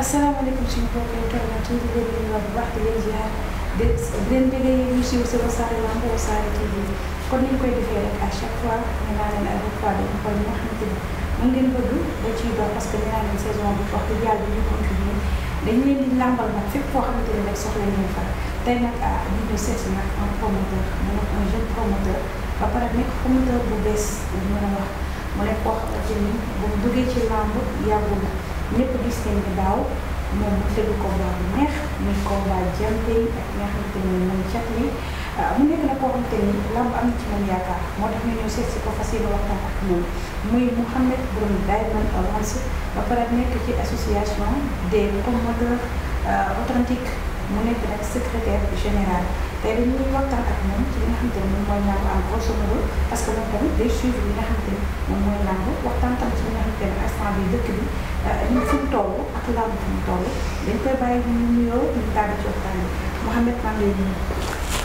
asalaamaaleykum suñu mbokk internet yi di leen nuyuwaat bu baax leen ziar di leen bëggee yéen ñu siiw si Wassare Lamb Wassare TV kon ni ñu koy defee rek à chaque fois ñu naan leen à chaque fois dañu xool ñi nga mu ngeen bëgg da ciy dox parce que ñu naan leen saison bi wax dëgg yàlla bi ñu continué leen di làmbal nag fépp foo xamante ni rek soxla ñu fa tey nag ah ñu ngi seet nag un promoteur mu nekk un promoteur ba pare nekk promoteur bu bees bu mën a wax mu nekk ci ñëpp gis nañ ne daaw moom mu tëgg combat bu neex muy combat jante ak nga xamante ni moom cat mi ah, mu nekk na koo xamante ni lamb am na ci moom yaakaar moo tax ñu seet si ko fas ak moom muy Mouhamed Boun Diamond Avance ba pare nekk ci association des promoteurs ah, authentiques mu nekk nag secrétaire général tey dañu waxtaan ak moom ci li ne moom mooy làmb ne mooy làmb waxtaan tam ci euh, ñu ngi lay nuyu.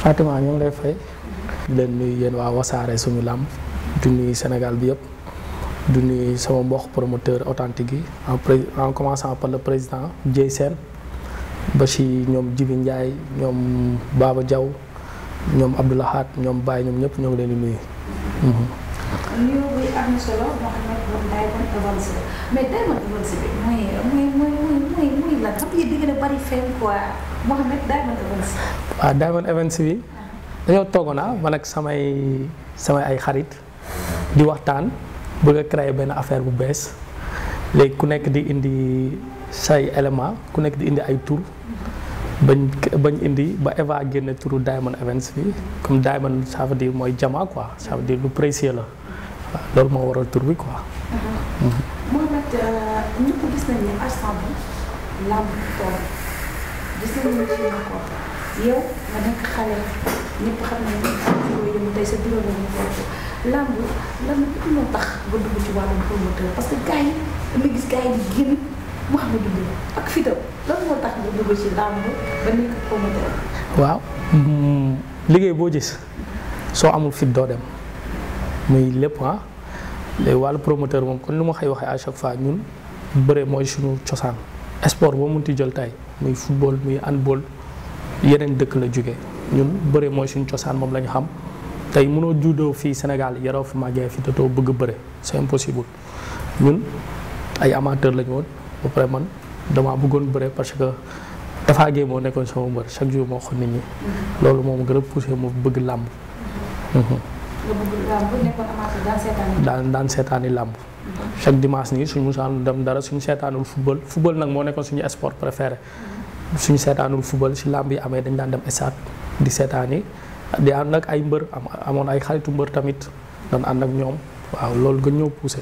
Fatima leen nuyu yéen waa wasaare suñu làmb du nuyu Sénégal bi yëpp. du nuyu sama mbokk promoteur authentique yi en en commençant par le président Dieye Sène ba ci ñoom Jibi Ndiaye ñoom Baba Diaw ñoom Abdoulahat ñoom Baye ñoom ñëpp ñoo ngi leen di nuyu. Mhm. nuyu bi am na solo moo xam ne moom daay mën avance mais daay mën avance bi mooy mooy mooy mooy mooy lan xam nga dégg na bari feeñ quoi moo xam ne daay mën avance. waaw daay mën avance bi dañoo toogoon ah man ak samay samay ay xarit di waxtaan bëgg a créer benn affaire bu bees léegi ku nekk di indi say élément ku nekk di indi ay tur. bañ bañ indi ba Eva génne turu Diamond Events bi comme Diamond ça mooy jama quoi ça lu précieux la loolu moo waral tur bi quoi. Mohamed euh, ñëpp gis nañ ne Arsan bi làmb tool ko nga xam ne yëngu tey sa bureau la ñu toog làmb lan moo tax nga parce que gars yi dama gis gars yi di Mouhamadou waaw hmm. liggéey boo gis soo amul fit doo dem muy lépp ah léegi wàllu promoteur moom kon lu ma xëy waxee à chaque fois ñun bëre mooy suñu cosaan sport boo munti jël tay muy football muy handball yeneen dëkk la jóge ñun bëre mooy suñu cosaan moom la xam tey mënoo juddoo fii Sénégal yaroo fi màggee fi te doo bëgg bëre c'est impossible ñun ay amateur lañu woon. ba pare man damaa bëggoon bëre parce que Tapha Gueye moo nekkoon sama mbër chaque jour moo xool nit ñi. Mm-hmm. loolu moom gën a poussé ma bëgg làmb. Mm-hmm. Mm-hmm. bëgg làmb nekkoon amateur daan seetaani. daan daan seetaani làmb. chaque dimanche nii suñu musaanu dem dara suñu seetaanul football football nag moo nekkoon suñu sport préféré. suñu seetaanul football si làmb yi amee dañ daan dem stade di seetaani di ànd ak ay mbër amoon ay xaritu mbër tamit doon ànd ak ñoom waaw loolu gën ñoo poussé.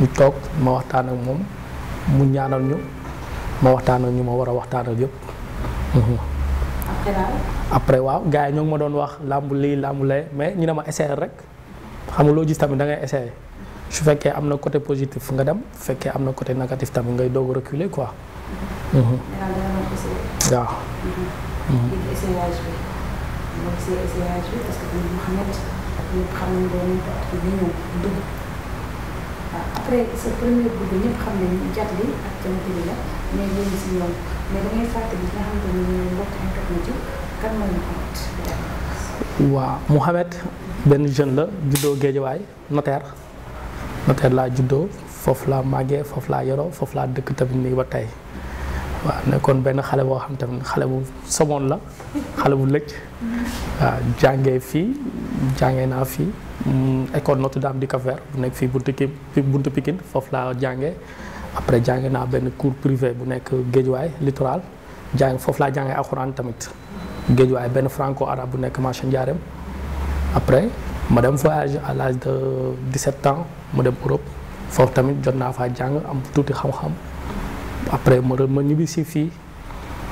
ñu toog ma waxtaan ak moom mu ñaanal ñu ma waxtaan ak ñu ma war a waxtaanal yëpp. Mhm. après waaw gars yi ñoo ngi ma doon wax làmb lii làmb lee mais ñu ne ma essayer rek xam nga loo tamit da ngay essayer su fekkee am na côté positif nga dem fekkee am na côté négatif tamit ngay doog a reculer quoi. Mhm. après sa premier guddi ñëpp la mais yéen si na ci kan mooy benn jeune la juddoo Géejawaay notaire notaire laa juddoo foofu laa màggee foofu laa yoroo foofu laa dëkk tamit nii ba tey waaw nekkoon benn xale boo xam tamit xale bu somoon la xale bu lëcc waaw jànge fii jàngee naa fii. Mm, école Notre-Dame di Cap-Vert bu nekk fii buntu ki buntu Pikine foofu laa jànge après jànge naa benn cours privé bu nekk Géejuwaay littoral jàng foofu laa jànge jàngee alxuraan tamit Géejuwaay benn franco arabe bu nekk marché Ndiarème après ma dem à l'âge de 17 ans mu dem Europe foofu tamit jot naa faa jàng am tuuti xam-xam après ma ma ñibbi fii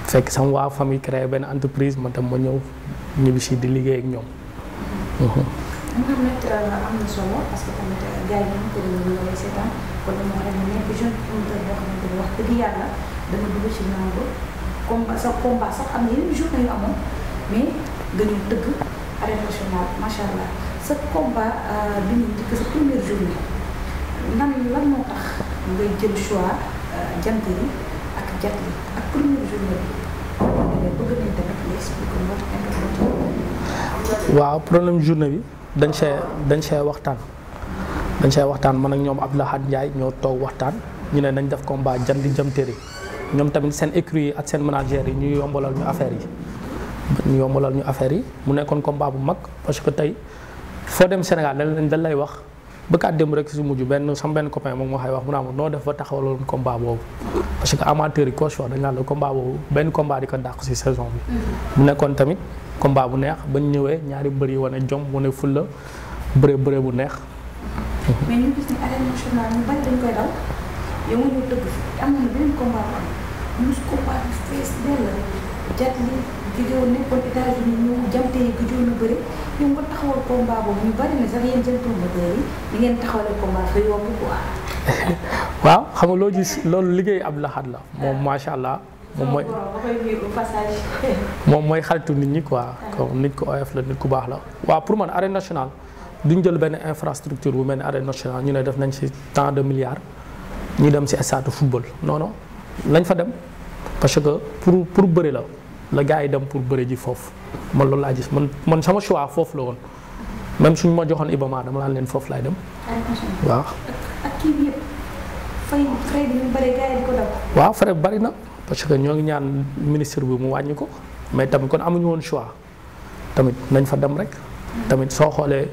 fekk sama waa famille créé benn entreprise ma tam ma ñëw ñibbi di liggéey ak ñoom. Mhm. Mouhamed am na solo parce que tamit gars yi ko doon ñu lay seetaan kon dama wax rek mu nekk jeune promoteur boo xamante wax dëgg yàlla dama dugg ci nangu combat sa combat sax eh, am na yeneen eh, journée yu amoon mais gënuñ tëgg arène nationale macha sa combat bi ñu njëkk sa première journée nan moo tax ngay jël choix jant eh, yi ak jat yi ak première journée bi waaw problème journée bi. dañ see dañ see waxtaan dañ see waxtaan man nag ñoom Abdoulahad Ndiaye ñoo toog waxtaan ñu ne nañ def combat jandi jëm tëri ñoom tamit seen écurie yi ak seen manager yi ñu yombalal ñu affaire yi ñu yombalal ñu affaire yi mu nekkoon combat bu mag parce que tey foo dem Sénégal dañ dañ lay wax bëggaat dem rek si mujj benn sama benn copain moom moo xay wax mu naa ma noo def ba taxawaloon combat boobu parce que amateur yi coach wax dañ naan la combat boobu benn combat di ko dàq si saison bi mm-hmm. mu nekkoon tamit combat bu neex bañ ñëwee ñaari mbër yi wane jom wane fulla bëre bëre bu neex gëjoon nekkoon États-Unis waaw xam nga loolu liggéey ab laxaat la moom macha allah. moom mooy mooy xaritu nit ñi quoi. comme nit ku oyof la nit ku baax la. waaw pour man arène national duñ jël benn infrastructure bu mel ni arène nationale ñu ne def nañ si tant de milliards ñu dem si stade football non non lañ fa dem parce que pour bëri la. la gars yi dem pour bëri ji foofu man loolu laa ji man man sama choix foofu la woon même suñ ma joxoon Ibama dama laan leen foofu laay dem. waaw. ak frais bari na parce que ñoo ngi ñaan ministre bi mu wàññi ko mais tamit kon amuñu woon choix tamit nañ fa dem rek. tamit soo xoolee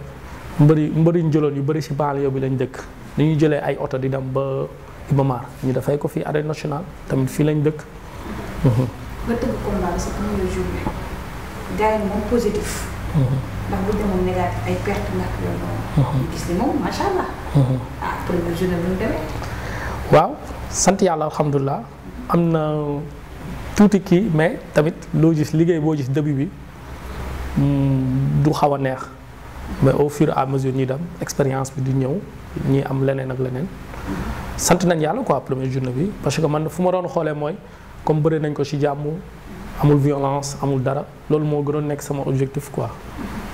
mbëri mbëri ñu jëloon yu bari si banlieue bi lañ dëkk ni ñuy jëlee ay oto di dem ba Ibamar ñu dafay ko fii arène nationale tamit fii lañ dëkk. Mhm. nga tëgg combat bi sa premier journée gars moom positif. Mhm. ndax bu demoon négatif ay perte ndax yooyu mhm. noonu. gis ni moom macha allah. Mhm. ah journée bi mu demee. waaw sant yàlla alhamdulilah am na tuuti kii mais tamit loo liggéey boo gis début bi mm, du xaw a neex mais au fur et à mesure ñuy dem expérience bi di ñëw ñuy am leneen ak leneen sant nañ yàlla ko première journée bi parce que man fu ma doon xoolee mooy. comme bëri nañ ko ci jàmm amul violence amul dara loolu moo gënoon nekk sama objectif quoi.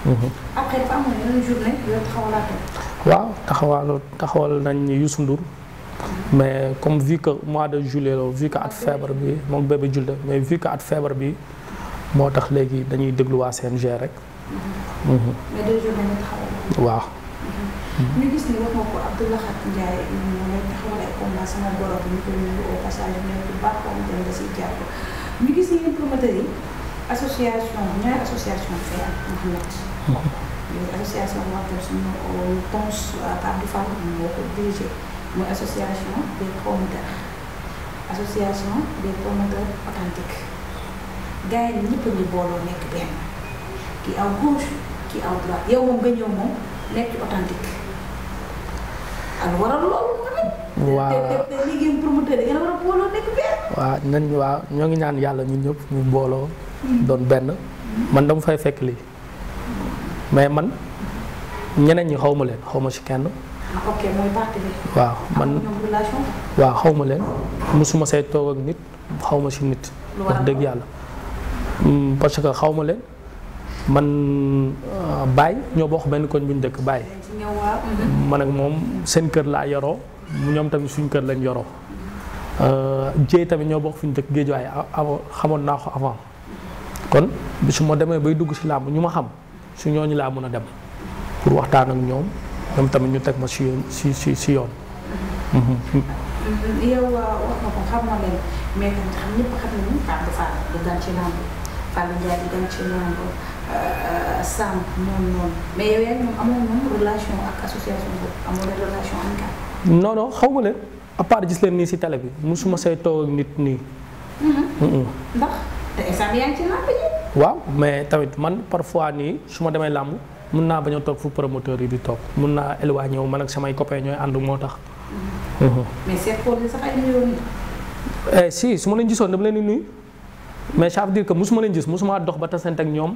Mhm. après dafa amoon waaw taxawal taxawal nañ Youssou Ndour mais comme vu mois de juillet la vu que at feebar bi moo bébé julde mais vu at feebar bi moo tax léegi dañuy dégluwaa waa CNG rek. Mhm. Mhm. mais waaw. ñu gis ne waxoo ko Abdoulahat Ndiaye ñu ngi taxawal ay combat sama borom ñu koy nuyu au passage nekk baax ko am te nga siy jàpp ñu gis ne yéen promoteurs yi association ñaari association fay ak Mouhamed. association bu euh, moo ko dirigé mooy association des promoteurs association des promoteurs authentiques gars yi ñëpp ñu booloo nekk benn ki aw gauche ki aw droite yow moom nga ñëw nekk authentique. ak waral loolu. waaw nañ waaw ñoo ngi ñaan yàlla ñu ñëpp ñu booloo. Hmm. doon benn. man dama fay fekk lii. mais man ñeneen ñi xaw ma leen xaw ma si kenn. Ah, ok waaw ah, man waa xaw ma leen mosuma say toog ak nit xaw ma si nit. wax dëgg yàlla. Hmm, parce que xaw ma leen man euh, Baye ñoo bokk benn koñ bu ñu dëkk Baye. man ak moom seen kër laa yoroo ñoom tamit suñ kër lañ yoroo euh, jéey tamit ñoo bokk fu ñu dëkk géejuwaay xamoon naa ko avant kon su ma demee bay dugg si làmb ñu ma xam su ñooñu laa mën a dem pour waxtaan ak ñoom ñoom tamit ñu teg ma si si si yoon. Mhm. Euh, Eh, eh, Samb moom noonu relation ak association boobu amoon na relation amicale. non non xaw ma leen à part gis leen nii si télé bi musuma say toog ak nit nii. Mm-hmm. waaw mais tamit man parfois nii su ma demee làmb mun naa bañ a toog fu promoteur yi di toog mun naa éloigné wu man ak samay copains ñooy ànd moo tax. Mm-hmm. Mm-hmm. mais seet ko sax ay nuyoo eh, si su ma leen gisoon dama leen di nuyu mais ça veut dire que musuma leen gis musuma dox ba tasante ak ñoom.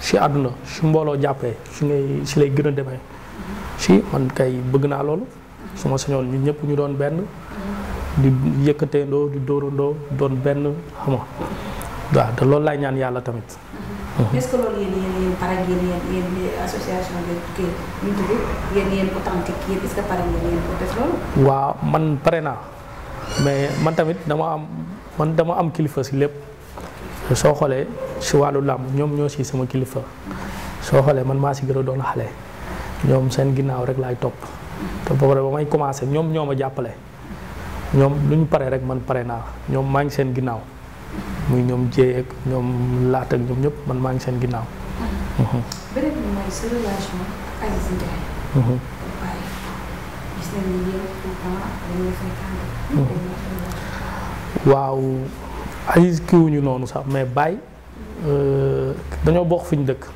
si àdduna su mbooloo jàppee si ngay si lay gën a demee si man kay bëgg naa loolu su ma sañoon ñun ñëpp ñu doon benn di yëkkateendoo di dóorandoo doon benn xama waaw loolu laay ñaan yàlla tamit. waaw man pare naa mais man tamit dama am man dama am kilifa si lépp soo xoolee. si wàllu làmb ñoom ñoo si sama kilifa soo xoolee man maa si gën doon xale ñoom seen ginnaaw rek laay topp te boobu ba commencé ñoom ñoo ma jàppale ñoom lu ñu rek man pare naa ñoom maa seen ginnaaw muy ñoom jéeg ñoom laat ñëpp man maa ngi seen ginnaaw. Mhm. beneen bi mhm. mhm. waaw Aziz kiiwuñu noonu sax mais Baye. Euh, dañoo bokk fi ñu dëkk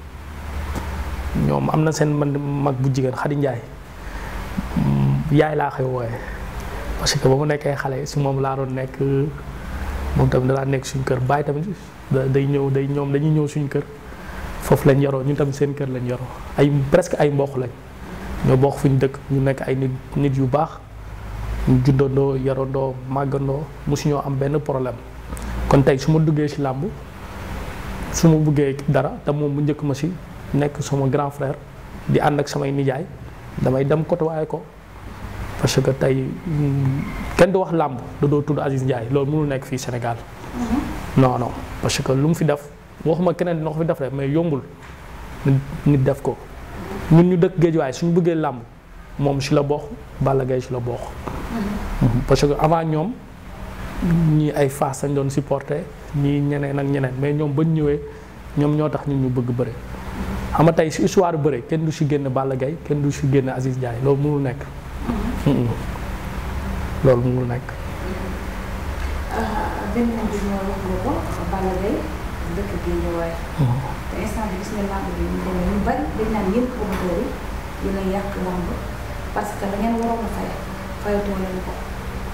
ñoom am na seen man mag bu jigéen Xadi Njaay yaay laa koy wooye parce que ba mu nekkee xale si moom laa doon nekk moom tamit danaa nekk suñu kër bàyyi tamit day ñëw day ñoom dañuy ñëw suñu kër foofu lañ yaroo ñu tamit seen kër lañ yaroo ay presque ay mbokk lañ ñoo bokk fu ñu dëkk ñu nekk ay nit nit yu baax ñu juddandoo yarandoo màggandoo mosuñoo am benn problème kon tey su ma duggee si làmb su ma buggee dara te moom bu njëkk ma si nekk sama grand frère di ànd ak samay nijaay damay dem côtoyer ko parce que tey mm, kenn du wax làmb da doo tudd Aziz Ndiaye loolu mënul nekk fii Sénégal mm-hmm. non non parce que lu mu fi def waxuma keneen dina ko fi def rek mais yombul nit def ko ñun ñu dëkk géejuwaay suñu bëggee làmb moom si la bokk Balla Gaye si la bokk mm-hmm. Mm-hmm. parce que avant ñoom ñii ay Fass lañ doon supporter ñii ñeneen ak ñeneen mais ñoom bañ ñëwee ñoom ñoo tax ñun ñu bëgg bëre. xam tey si histoire bëre kenn du si génn Balla Gaye kenn du si génn Aziz jaay loolu mënul nekk. Mm-hmm. loolu mënul nekk. Euh,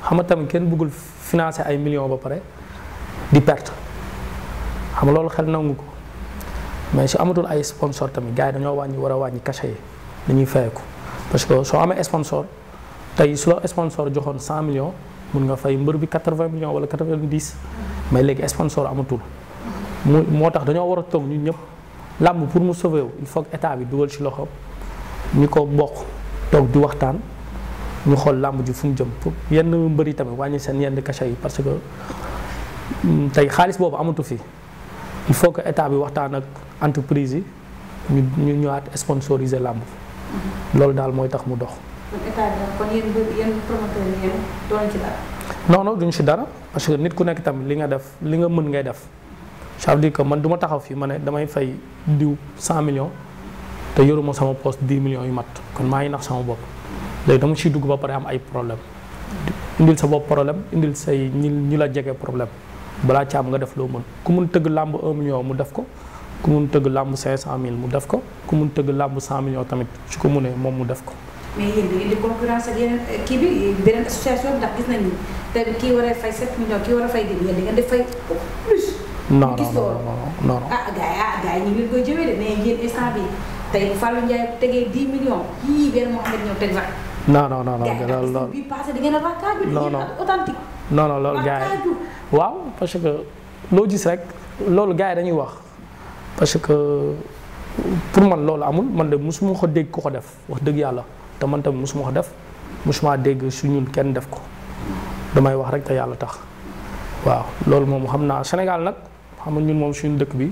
xam nga tamit kenn bëggul financer ay millions ba pare di perte xam nga loolu xel nangu ko mais su amatul ay sponsor tamit gars yi dañoo wàññi war a wàññi kase yi dañuy fayeku parce que soo amee sponsor tey su la sponsor joxoon cent million mun nga fay mbër bi 80 millions wala 90 mais léegi sponsor amatul mu moo tax dañoo war a toog ñun ñëpp làmb pour mu sauver wu il faut que état bi dugal ci loxo ñu ko bokk toog di waxtaan. ñu xool làmb ji fu mu jëm pour yenn mbër yi tamit wàññi seen yenn cachet yi parce que mm, tey xaalis boobu amatu fi il faut que état bi waxtaan ak entreprise yi ñu ñu ñëwaat sponsoriser làmb mm-hmm. loolu daal mooy tax mu dox. état kon yéen yéen dara. duñ ci dara parce que nit ku nekk tamit li nga def li nga mën ngay def ça di dire que man duma taxaw fii ma ne damay fay diw 100 millions te yoruma sama poste 10 millions yu mat kon maa ngi nax sama bopp. léegi dama ciy dugg ba pare am ay problème indil sa bopp problème indil sa ñi ñi la jege problème balaa ci am nga def loo mën ku mun tëgg làmb 1 million mu def ko ku mun tëgg làmb cinq cent 500000 mu def ko ku mun tëgg làmb 100 million tamit ko moom mu def ko. mais yéen da ngeen di concurrence ak yeneen eh, kii bi beneen association ndax gis war a fay 7 millions kii war a fay dégg yéen da ngeen di fay plus. non non non ah gars ah gars yi ñu ngi koy de mais yéen instant bi tey Fallou Ndiaye tegee 10 non non non non loolu loolu bi passé loolu gars yi waaw parce que loo gis rek loolu gars yi dañuy wax parce que pour man loolu amul man de mosuma ko dégg ko ko def wax dëgg yàlla te man tamit mosuma ko def mosuma dégg su ñun kenn def ko damay wax rek te yàlla tax waaw loolu moom xam naa Sénégal nag xam na ñun moom suñu dëkk bi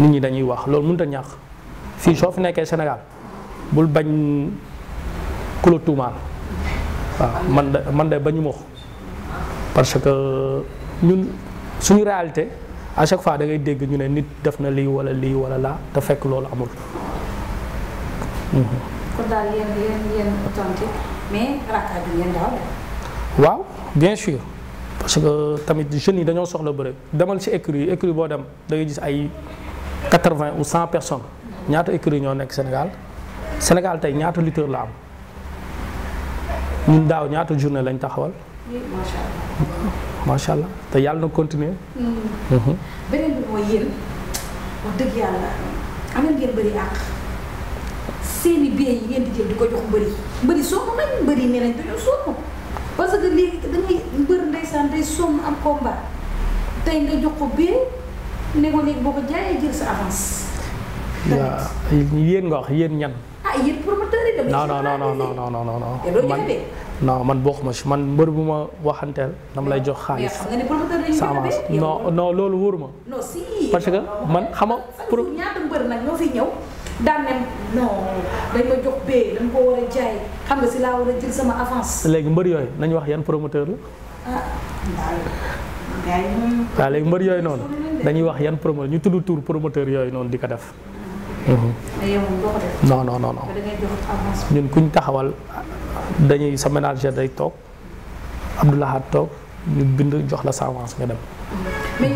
nit ñi dañuy wax loolu mun a ñàkk fii soo fi nekkee Sénégal bul bañ. ku la tuumaal waaw man de man de bañu ma ko parce que ñun suñu réalité à chaque fois da ngay dégg ñu ne nit def na lii wala lii wala laa te fekk loolu amul. Mhm. waaw bien sûr parce que tamit jeunes yi dañoo soxla bëre demal ci écurie yi écurie boo dem da ngay gis ay quatre-vingts ou cent personnes ñaata yi ñoo nekk Sénégal Sénégal tey ñaata lutteur la am. ñun daaw ñaata journée lañ taxawal. macha allah. macha allah te yàlla na continuer. Mm-hmm. Mm-hmm. beneen bi mooy yéen wax dëgg yàlla am ngeen bëri àq seeni billet yi ngeen di jël di ko jox mbëri mbëri sonn nañ mbëri nee nañ dañoo sonn parce que léegi dañuy mbër ndeysaan day sonn am combat tey nga jox ko billet ne ko boo ko jaayee jël sa avance. tamit yéen nga wax yéen ñan. ah yéen promoteur man non man bokkuma man mbër bu ma waxanteel dama lay jox xaalis. sa avance loolu wóoruma. non si man xama pour ñaata mbër nag ñoo fi ñëw daan ne a jaay xam nga léegi mbër yooyu nañu wax yan promoteur la. Ah, léegi mbër yooyu noonu. dañuy wax yan promoteur ñu tudd tuur promoteur yooyu noonu di ko def. Mm-hmm. Mm-hmm. non non non non ñun kuñ taxawal dañuy sa ménager day toog Abdoulahat toog ñu bind jox la sa avance nga dem. Mm-hmm. mais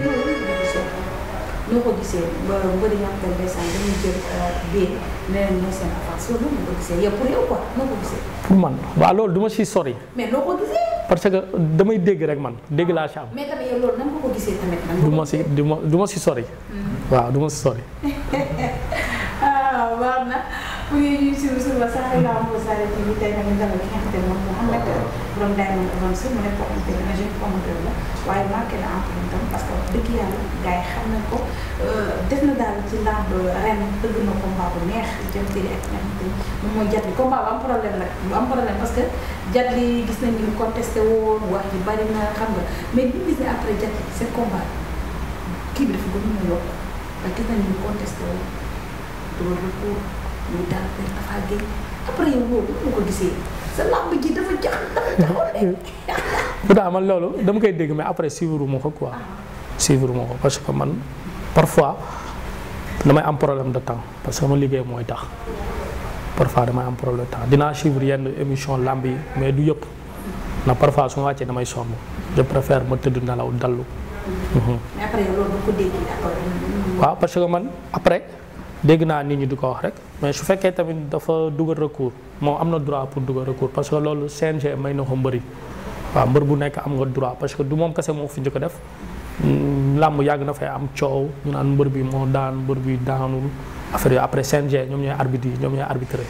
ñoo ko gisee ba bëri nga xam ne sax dañuy jël bee nee nañ seen avance loolu noo ko gisee yow pour yow quoi noo ko gisee. pour man waaw loolu du ma siy sori. mais noo ko gisee. parce que damay dégg rek man dégg laa ci am. mais tamit yow loolu nan nga ko gisee tamit. du ma si du ma du ma si sori. waaw du ma si sori. war na pour ñu ñuy suivre sur la Saare Lamb Saare TV tey nag ñu dalal ki nga xamante ne moom Mouhamed borom Diamond Events mu nekk koo xamante ne jeune promoteur la waaye marqué na empreinte tam parce que dëgg yàlla gars yi xam nañ ko def na daal ci lamb ren dëgg na combat bu neex jëm ci ak ñoom moom mooy jàdd combat bu am problème nag bu am problème parce que jàdd yi gis nañ ni contesté woon wax ji bari na xam nga mais bi ñu gis ne après jàdd seen combat kii bi dafa gën a mën a yokk parce que gis nañ ni contesté woon. dóor la ko sa làmb ji dafa jax dafa man loolu dama koy dégg mais après ah. suivre ma ko parce que man parfois damay am problème de temps parce que sama liggéey mooy tax parfois damay am problème de temps dinaa suivre yenn émission làmb yi mais du yëpp na parfois su ma wàccee damay sonn je préfère ma tëdd nelaw dallu. Mm. Mm-hmm. mais après parce que man après. dégg naa nit ñi di ko wax rek mais su fekkee tamit dafa dugal recours moom am na droit pour dugal recours parce que loolu CNG may na ko mbëri waa mbër bu nekk am nga droit parce que du moom kese moo fu njëkk a def mm, làmb yàgg na fa am coow ñu naan mbër bi moo daan mbër bi daanul affaire yooyu après CNG ñoom ñooy arbitre yi ñoom ñooy arbitré.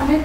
Ahmed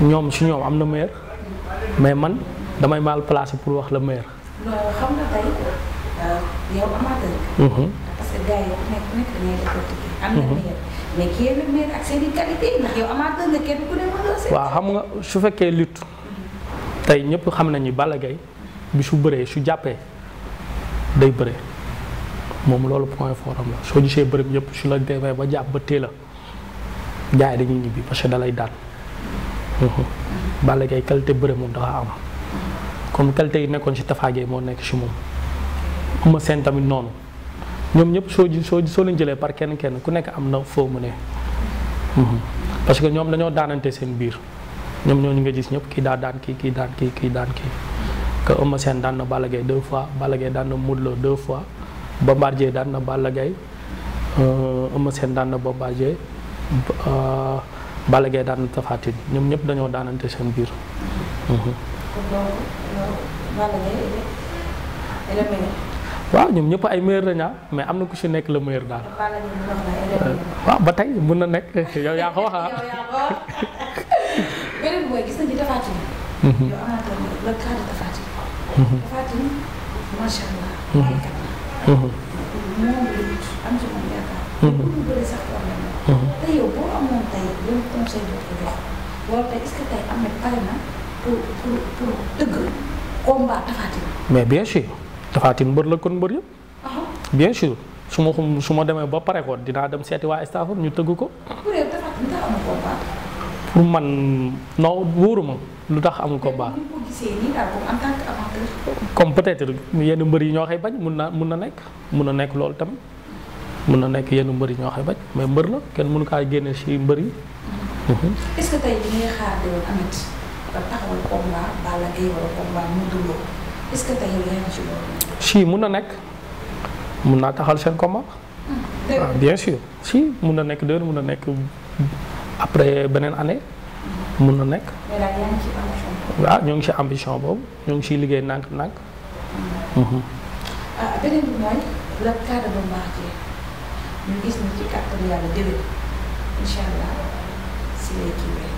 ñoom si ñoom am na meilleur mais man damay mal placé pour wax la meilleur. non xam euh, mhm. am mhm. nga waaw xam nga su fekkee lit tey ñëpp xam nañu Balla Gaye bi su bëree su jàppee day bëree moom loolu point fort am la soo gisee bërëb yëpp su la demee ba jàpp ba tee la gars yi dañuy ñibbi parce que da lay daan. Balla Gaye qualité bëre moom dafa am comme qualité yi nekkoon ci Tapha moo nekk ci moom Eumeu Sène tamit noonu ñoom ñëpp soo ji soo soo leen jëlee par kenn kenn ku nekk am na foo mu ne mhm. parce que ñoom dañoo daanante seen biir ñoom ñoo ñu nga gis ñëpp kii daa daan kii kii daan kii kii daan kii que Eumeu Sène daan na Balla Gaye deux fois Balla Gaye daan na Modou deux fois Bombardier daan na Balla Gaye euh, Eumeu daan na Bombardier euh, Balla Gaye daan na ñoom ñëpp dañoo daanante seen biir. Mhm. waaw ñoom ñëpp ay meilleur lañ ah, mais am na ku si nekk le meilleur daal. Euh, waaw ba tey mun na nekk yow yaa ko wax ah. tey yow boo amoon tey na mais bien sûr Taphatine mbër la kon mbër yëpp. bien sûr su ma xum su ma demee ba pare ko dinaa dem seeti waaye staff ñu tëgg ko. pour man non wóoruma lu tax amul ko gisee nii daal comme en yenn mbër yi ñoo xay bañ mun na mun na nekk mun na nekk loolu tamit. mën na nekk yenn mbër yi ñoo xay bañ mais mbër la kenn mënu kaa génne si mbër yi. Mhm. si mun na nekk mun naa taxal seen combat. Hmm, ah, bien sûr si mun na nekk déwén mun na nekk après beneen année. mun hmm. na nekk. waaw ah, ñoo ngi si ambition boobu ñoo ngi ciy liggéey nànk-nànk. Hmm. Mhm. Ah, ñu gis hmm. hmm. eh? ni ci kàttanu yàlla déwén incha allah si lay kiiwee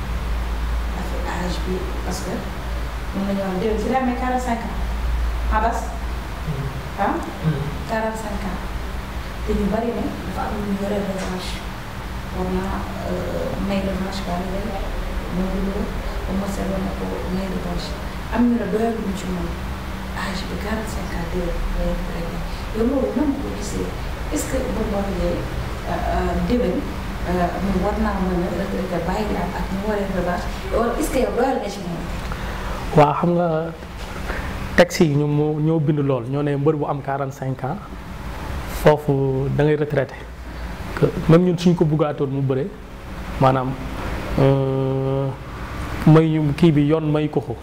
affaire âge bi parce que mën nañu am déwén si la amee 45 ans abas ah. 45 ans te ñu bari ne dafa am lu ñu yore revanche war naa may revanche ba mu ne Modou Lo Eumeu Sène war na ko may revanche am ñu ne doyaluñ ci moom âge bi 45 ans déwén lay yow loolu nan ko gisee. est euh, euh, euh, waaw xam nga taxi yi ñoom ñoo bind lool ñoo ne mbër bu am 45 ans foofu dangay retraité que ñun suñ ko buggaatoon mu bëre maanaam may ñu kii bi yoon may ko ko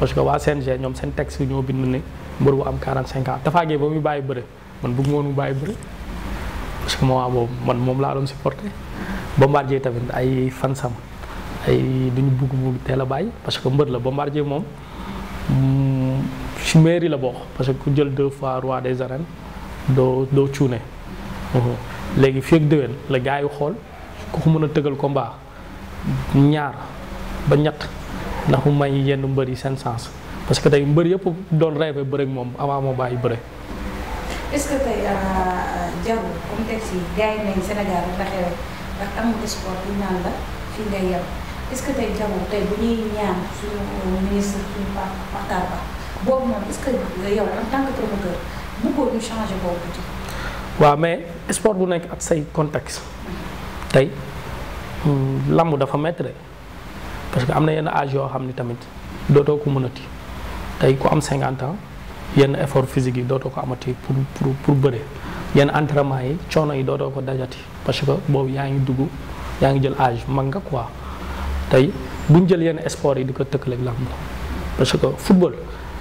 parce que waa CNG ñoom seen taxi ñoo bind ne mbër bu am 45 ans Tapha Gueye ba muy bàyyi bëre man bëgg woon mu bàyyi bëre. parce que moment boobu man moom laa doon supporter Bombardier tamit ay fansam ay duñu bugg bugg teel a bàyyi parce que mbër la Bombardier moom ci mm, la bokk parce que ku jël deux fois roi des arènes doo doo cuune mhm. léegi fii ak déwén la gars yi xool ku ko mën a tëgal combat ñaar ba ñett ndax mu may yenn mbër yi seen sens parce que tey mbër yëpp doon rêvé bëre moom avant moo bàyyi bëre. jarul comme texte yi gars yi Sénégal rek la xewee ndax amul sport bi naan la fii ngay yem est tey jarul tey bu ñuy ñaan suñu ministre suñu Pa Matar Ba boobu noonu est-ce en tant que promoteur bëggoon ñu changer boobu tuuti. waaw mais sport bu nekk ak say contexte tey hmm, lamb dafa mettre parce que am na yenn age yoo xam ni tamit dootoo ko mënati tey ku am 50 ans yenn effort physique yi dootoo ko amati pour pour pour bëre. yenn entraînement yi coono yi dootoo ko dajati parce que boobu yaa ngi dugg yaa ngi jël âge mag nga koi tey bu ñu jël yenn sport yi di ko tëkkaleeg làmb parce que football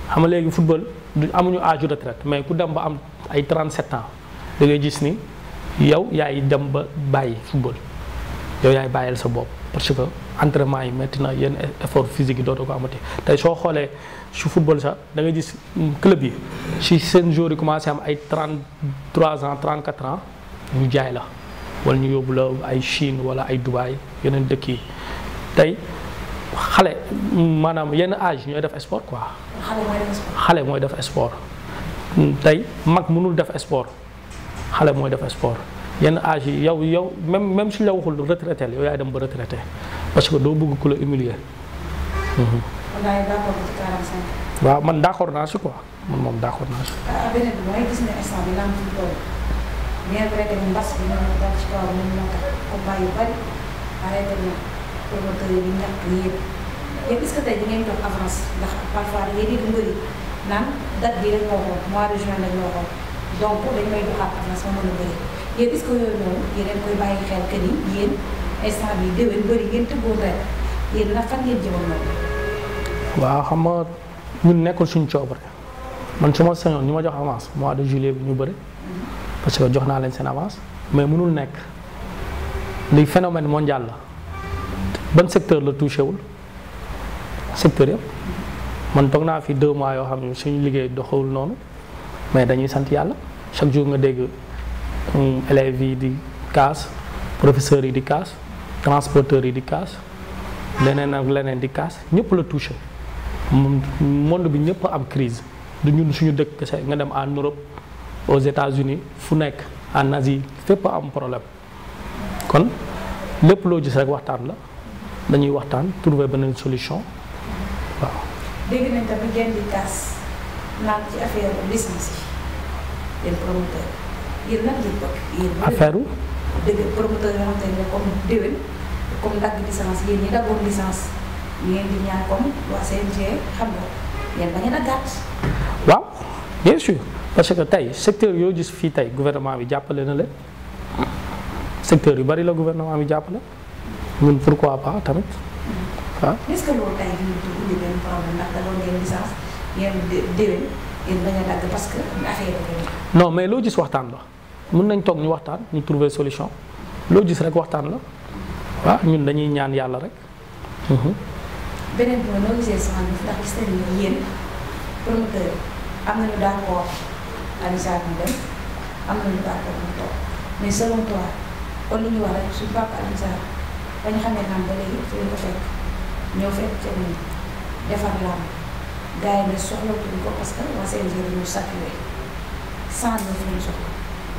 xam nga léegi football du amuñu âge de retraite mais ku dem ba am ay 37 ans da ngay gis ni yow yaay dem ba bàyyi football yow yaay bàyyil sa bopp parce que entrement yi métti na yenn effort physique yi dootoo ko amati tey soo xoolee. su football sax da ngay gis mm, club yi si seen joueurs yi commencé am ay trois 33 ans 34 ans ñu jaay la wala ñu yóbbu la ay Chine wala ay Dubaï yeneen dëkk yi tey xale maanaam yenn âge ñooy def sport quoi. xale mooy def sport mm, tey mag munul def sport xale mooy def sport yenn âge yi yow yow même même si la waxul retraité yow yaay dem ba retraité parce que doo bëgg ku la humilier. Mm-hmm. gars yi d'accord ci 45. naa si ma ah, mën a bëri yéen est-ce que yooyu noonu yéen koy bàyyi xel que ni yéen instant bi bëri ngeen tëggoon rek yéen la ngeen jëmoon noonu. waaw xam nga ñun nekkul suñ coobare man su ma sañoon ñu ma jox avance mois de juillet bu ñu bëri parce que jox naa leen seen avance mais mënul nekk li phénomène mondial la ban secteur la touché wul secteur yëpp man toog naa fi deux mois yoo xam ne suñu liggéey doxawul noonu mais dañuy sant yàlla chaque jour nga dégg hmm, élèves yi di kaas professeurs yi di kaas transporteurs yi di kaas leneen ak leneen di kaas ñëpp la touché. monde bi ñëpp am crise du ñun suñu dëkk kese nga dem en Europe aux États-Unis fu nekk en Asie fépp am problème kon lépp loo gis rek waxtaan la dañuy waxtaan trouver beneen solution waaw. dégg comme déwén comme dagg licence ñu ngeen di ñaan comme waa CNG xam nga ngeen bañ a gàtt. waaw bien sûr parce que tey secteur yoo gis fii tey gouvernement bi jàppale na leen secteur yu bari la gouvernement bi jàppale ñun pourquoi pas tamit ah. Mm-hmm. est-ce parce que affaire mais loo gis waxtaan la mun nañ toog ñu waxtaan ñu trouver solution loo gis rek waxtaan la waaw ah, ñun dañuy ñaan yàlla rek. Mm-hmm. beneen bi mooy noo gisee soxna bi ndax gis nañu ne yéen promoteur am nañu d'accord Alioune Sarr am nañu d'accord mu ba ñu xamee naam ba léegi ñoo fekk ca ñu defar làmb que waa CNG dañu saturé sans neuf lañu soxla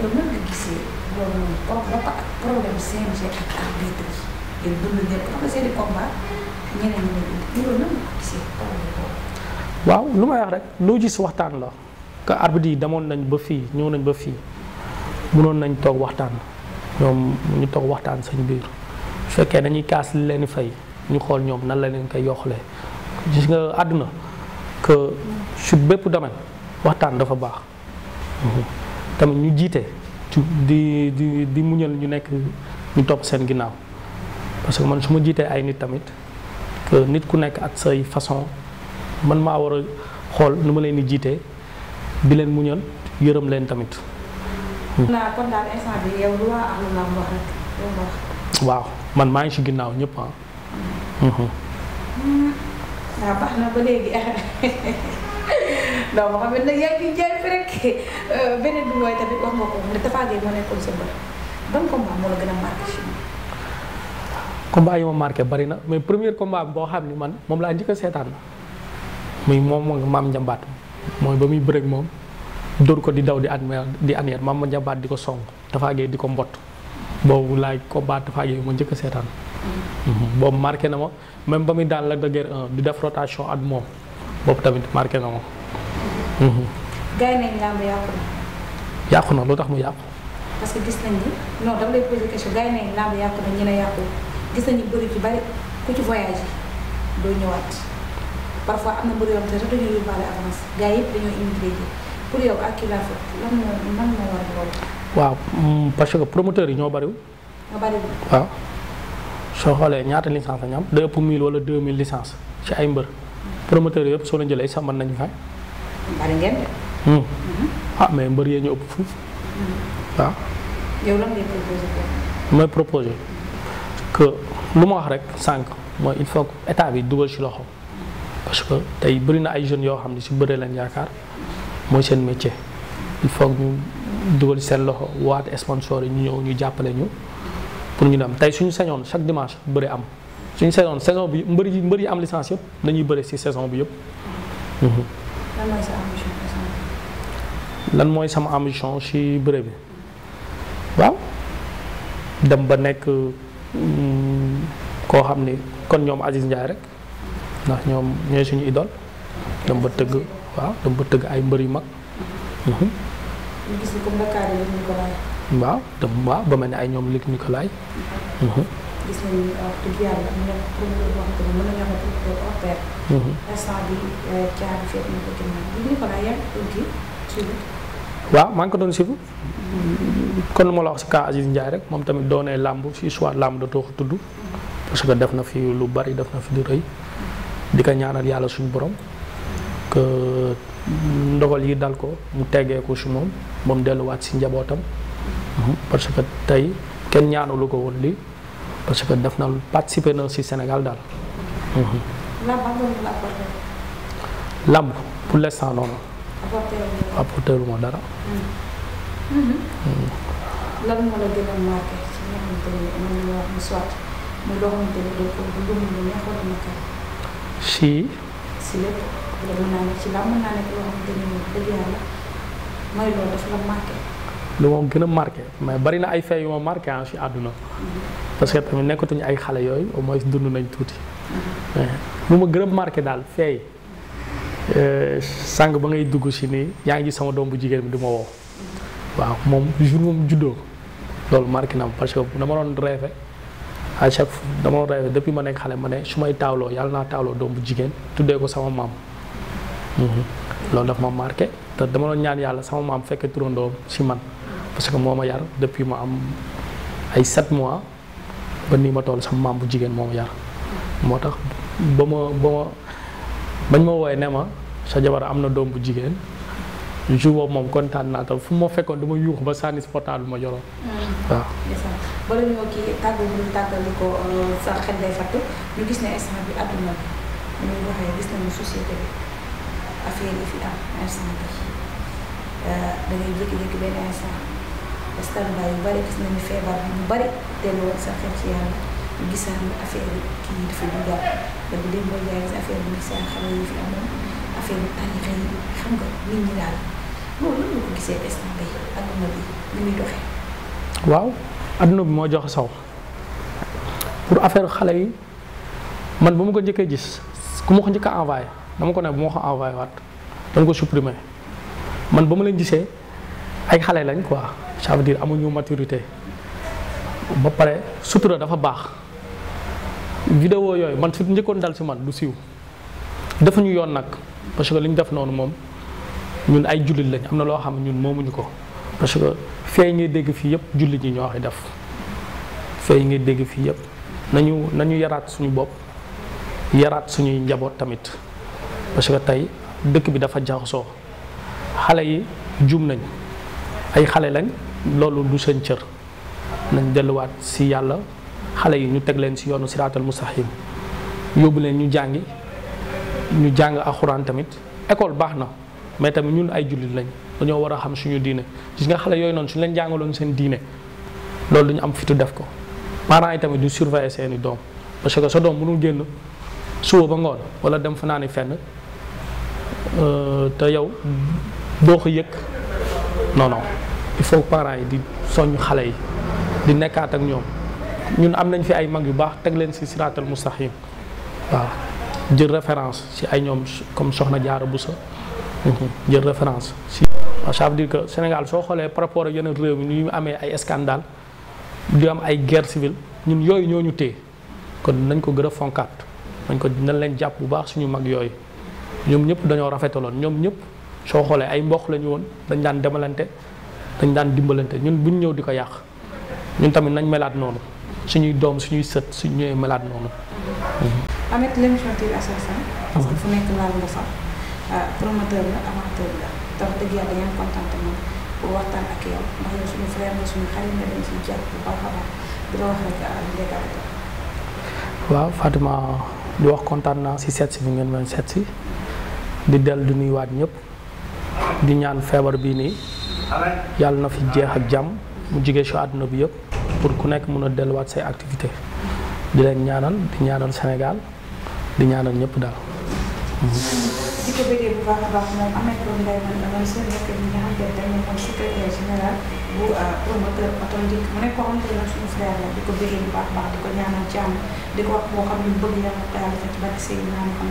noonu ngeen ko xam nga seen i combat waaw lu may wax rek loo gis waxtaan la que arbitre yi demoon nañ ba fii ñëw nañ ba fii mënoon nañ toog waxtaan ñoom ñu toog waxtaan sañ biir bu fekkee dañuy kaas li leen fay ñu xool ñoom nan la leen koy yoxlee gis nga àdduna que su bépp domaine waxtaan dafa baax mhm. tamit ñu jiite di di di muñal ñu nekk ñu topp seen ginnaaw parce que man su ma jiitee ay nit tamit nit ku nekk ak say façon man maa war a xool nu ma leen di jiitee di leen muñal yërëm leen tamit. naa waaw man maa ngi ci ginnaaw ñëpp ah. Mhm. baax na ba léegi non ma xam ne nag yaa ngi jaay fi rek euh, beneen bi mooy ko ne moo nekkoon sa mbër ban combat moo la combat yi ma na mais premier combat bi boo xam ni man moom laa njëkk a seetaan muy moom maam njambaat mooy ba muy bëreeg moom dóor ko di daw di admé di aneer maam ma njambaat di ko song Tapha Gueye di ko mbott boobu laay combat Tapha Gueye ma njëkk a seetaan mhm, boobu na ma même ba muy daan la de Guiers di def rotation ak moom boobu tamit marqué na ma. Mhm. gars yàqu na. yàqu na lu tax mu yàqu. parce que gis nañ ni non dama lay poser question gars nañ yàqu na ñu ne yàqu. gis nañu bëri ci bari ku ci voyage doo ñëwaat parfois am na mbir yoo xam te sax dañoo yëpp dañoo pour yow ak kii laa fa lan moo war loolu. waaw mm, parce que promoteurs yi ñoo bariwul. waaw. soo xoolee ñaata licence la ñu am day ëpp 1000 wala 2000 licence ci ay mbër. promoteurs yëpp soo leen jëlee sax mën nañu fay. bari ngeen de. Hmm. Mm-hmm. ah mais mbër yee ñu ëpp fuuf. Mm-hmm. waaw. yow lan que lu ma wax rek sànq mooy il faut que état bi dugal ci loxo parce que tey bëri na ay jeunes yoo xam ne si bëree leen yaakaar mooy seen métier il faut que ñu dugal seen loxo waat sponsor yi ñu ñëw ñu jàppale ñu pour ñu dem tey suñu sañoon chaque dimanche bëri am suñu sañoon saison bi mbëri yi mbër yi am licence yëpp dañuy bëri si saison bi yëpp. Mhm. lan mooy sama ambition si bëre bi waaw dem ba nekk. Hmm. koo xam ni kon ñoom Aziz Ndiaye rek ndax ñoom ñooy suñu idole dama ba tëgg waaw dama ba tëgg ay mbër yu mag. gis hmm. waaw dem waaw ba mel ne ay ñoom Luc Nicolaï. gis hmm. waaw maa ngi ko doon suivre kon lu ma la wax si cas Aziz Ndiaye rek moom tamit doonee làmb si soit làmb da toox tudd parce que def na fi lu bari def na fi lu rëy di ko ñaanal yàlla suñu borom que ndogal yi dal ko mu teggee ko si moom ba delluwaat si njabootam parce que tey kenn ñaanalu ko woon lii parce que def na participer na si Sénégal daal. làmb pour l'instant noonu. apporté lu ma dara. lan moo la gën a marqué si. si lépp may loolu daf la marqué. lu ma gën a marqué mais bari na ay fee yu ma marqué si àdduna. parce que tamit nekkatuñu ay xale yooyu au moins dund nañ tuuti. mais lu ma gën a daal fee Euh, sàng ba ngay dugg si nii yaa ngi gis sama doom bu jigéen bi du ma woo waaw moom jour moom juddoo loolu marqué na ma parce que dama doon rêve à chaque fois dama depuis ma nekk xale ma ne su may taawloo yàlla naa taawloo doom bu jigéen tuddee ko sama maam mhm. loolu daf ma marqué te dama doon ñaan yàlla sama maam fekke turandoom si man parce que moo ma yar depuis ma am ay 7 mois ba nii ma tool sama maam bu jigéen moo ma yar moo tax ba ma ba ma bañ ma wooye ne ma sa jabar am na doom bu jigéen jour moom kontaan naa tam fu ma fekkoon duma ma yuux ba sànni si portable ma yoroon. Mm. waaw. bala ñoo kii tàggu ñu tàggali ko euh, sa xel day fàttu ñu gis ne instant bi àdduna bi ñu waxee gis nañu société bi affaire euh, yu bari gis nañu feebar bi ñu bari delluwaat sa xel ci yàlla. gisaat nga bu waaw adduna bi moo jox saw pour affaire xale yi man ba ma ko njëkkee gis ku ma ko njëkk a envoyé dama ko ne bu ma ko envoyé waat dama ko supprimer man ba ma leen gisee ay xale lañ quoi ça veut dire amuñu maturité ba pare sutura dafa baax. vidéo yooyu man su njëkkoon dal si man du siiw dafa ñu yoon nag parce que li ñu def noonu moom ñun ay jullit lañ am na loo xam ne ñun moomuñu ko parce que fee ngay dégg fii yëpp jullit ñi ñoo koy def fee ngay dégg fii yëpp nañu nañu yaraat suñu bopp yaraat suñuy njaboot tamit parce que tey dëkk bi dafa jaxasoo xale yi jum nañ ay xale lañ loolu du seen cër nañ delluwaat si yàlla xale yi ñu teg leen si yoonu siraatal mustaqim yóbbu leen ñu jàngi ñu jàng alxuraan tamit école baax na mais tamit ñun ay jullit lañ dañoo war a xam suñu diine gis nga xale yooyu noonu suñ leen jàngaloon seen diine loolu dañu am fitu def ko parent yi tamit du surveiller seeni doom parce que sa doom mënul génn suba ba ngoon wala dem fanaani fenn euh, te yow boo ko yëg non il faut parent yi di soññ xale yi di nekkaat ak ñoom ñun am nañ fi ay mag yu baax teg leen si siraatal mustaqim waaw jël référence si ay ñoom comme Soxna Jaara Buso mhm, jël référence si ça veut que Sénégal soo xoolee par rapport ak yeneen réew mi ñu amee ay scandale di am ay guerre civile ñun yooyu ñoo ñu téye kon nañ ko gën a fonkaat nañ ko nañ leen jàpp bu baax suñu mag yooyu ñoom ñëpp dañoo rafetaloon ñoom ñëpp soo xoolee ay mboq la ñu woon dañ daan demalante dañ daan dimbalante ñun bu ñu ñëw di ko yàq ñun tamit nañ melaat noonu suñuy doom suñuy sët suñ ñëwee malade noonu. Ameth l'émission Tir wax pour waxtaan ak yow ah, waaw Fatima di wax kontaan naa si seet bi ngeen mën seet di dell di nuyuwaat ñëpp di ñaan feebar bii nii yàlla na fi jeex ak jàmm mu jigee si àdduna bi yëpp. pour ku nekk mën a delluwaat say activité di leen ñaanal di ñaanal Sénégal di ñaanal ñëpp daal. di ko bëggee bu baax a baax moom Ameth euh, koo xamante ne suñu frère la di ko bëggee bu baax baax di ko ñaanal jàmm di ko wax boo xam ne bëgg na mu daal di ko ci xam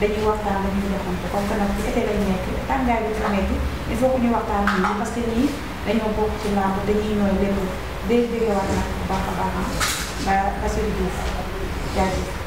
dañuy waxtaan ak ñuy doxante comme que nag bu été lañ nekk tàngaay bi ñu amee il faut waxtaan ak ñoom parce que ñii dañoo bokk ci làmb dañuy ñooy lépp day jógewaat nag bu baax a baax a ah. baax ba Bassirou Diouf